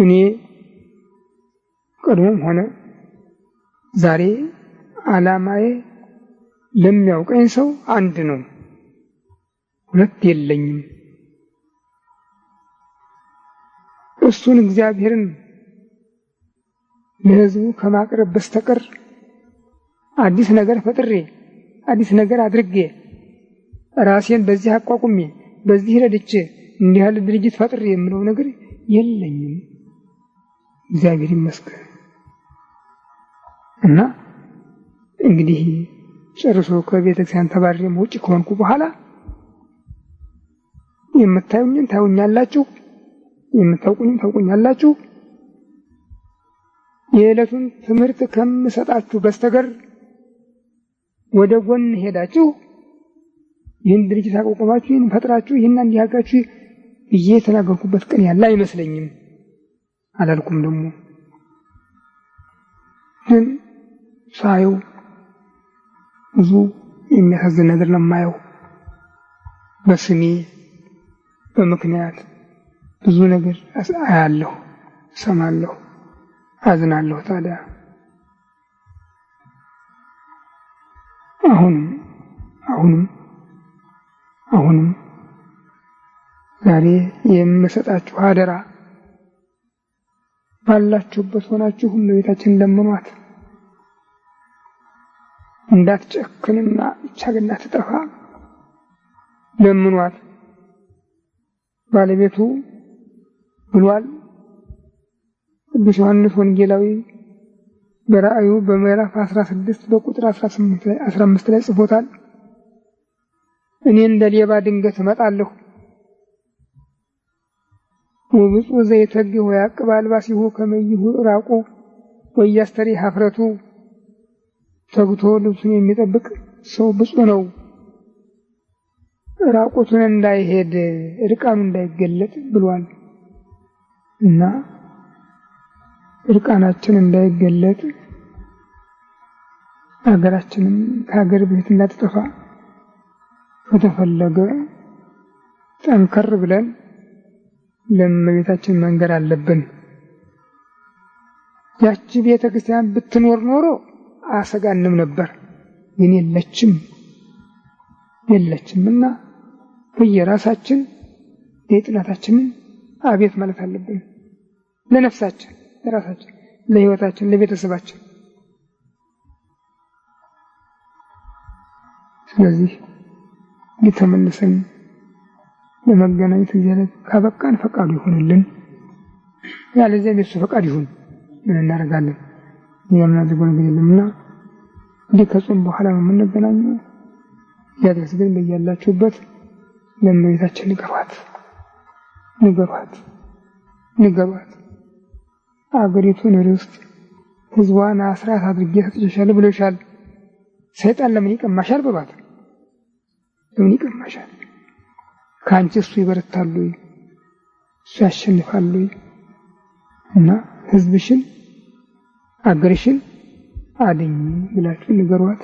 እኔ ቀድሞም ሆነ ዛሬ ዓላማዬ ለሚያውቀኝ ሰው አንድ ነው፣ ሁለት የለኝም። እሱን እግዚአብሔርን ለሕዝቡ ከማቅረብ በስተቀር አዲስ ነገር ፈጥሬ አዲስ ነገር አድርጌ ራሴን በዚህ አቋቁሜ በዚህ ረድቼ እንዲህ ያለ ድርጅት ፈጥሬ የምለው ነገር የለኝም። እግዚአብሔር ይመስገን እና እንግዲህ ጨርሶ ከቤተክርስቲያን ተባሪ ውጭ ከሆንኩ በኋላ የምታዩኝን ታዩኛላችሁ፣ የምታውቁኝን ታውቁኛላችሁ። የዕለቱን ትምህርት ከምሰጣችሁ በስተቀር ወደ ጎን ሄዳችሁ ይህን ድርጅት አቋቁማችሁ ይህን ፈጥራችሁ ይህን እንዲያጋችሁ ብዬ የተናገርኩበት ቀን ያለ አይመስለኝም። አላልኩም ደግሞ ግን ሳየው ብዙ የሚያሳዝን ነገር ለማየው በስሜ በምክንያት ብዙ ነገር አያለሁ፣ እሰማለሁ፣ አዝናለሁ። ታዲያ አሁንም አሁንም አሁንም ዛሬ የምሰጣችሁ አደራ ባላችሁበት ሆናችሁ እመቤታችንን ለምኗት። እንዳትጨክንና ይቻል እንዳትጠፋ ለምኗት። ባለቤቱ ብሏል። ቅዱስ ዮሐንስ ወንጌላዊ በራእዩ በምዕራፍ 16 በቁጥር 18 15 ላይ ጽፎታል። እኔ እንደ ሌባ ድንገት እመጣለሁ ወብፁዕ ዘይተግ ወያቅብ አልባሲሁ ከመይሁ ራቁ ወያስተሪ ሀፍረቱ ተግቶ ልብሱን የሚጠብቅ ሰው ብፁ ነው። ራቁቱን እንዳይሄድ እርቃኑ እንዳይገለጥ ብሏል እና እርቃናችን እንዳይገለጥ አገራችንም ከሀገር ቤት እንዳትጠፋ ከተፈለገ ጠንከር ብለን ለእመቤታችን መንገር አለብን። ያቺ ቤተ ክርስቲያን ብትኖር ኖሮ አሰጋንም ነበር፣ ግን የለችም የለችምና በየራሳችን የጥናታችንን አቤት ማለት አለብን። ለነፍሳችን፣ ለራሳችን፣ ለህይወታችን፣ ለቤተሰባችን። ስለዚህ የተመልሰን ለመገናኘት እያለ ካበቃን ፈቃዱ ይሁንልን፣ ያለዚያ የሱ ፈቃድ ይሁን። ምን እናደርጋለን? የምናደርገው ነገር የለምና እንዲህ ከጾም በኋላ ነው የምንገናኘው። ያድረስ ግን በያላችሁበት ለእመቤታችን ንገሯት፣ ንገሯት፣ ንገሯት አገሪቱን ርስት ህዝቧን አስራት አድርጌ ሰጥቼሻለሁ ብሎሻል። ሰይጣን ለምን ይቀማሻል? በባት ለምን ይቀማሻል? ከአንቺ እሱ ይበረታሉ፣ እሱ ያሸንፋሉ እና ህዝብሽን አገርሽን አድኝ ብላችሁ ንገሯት።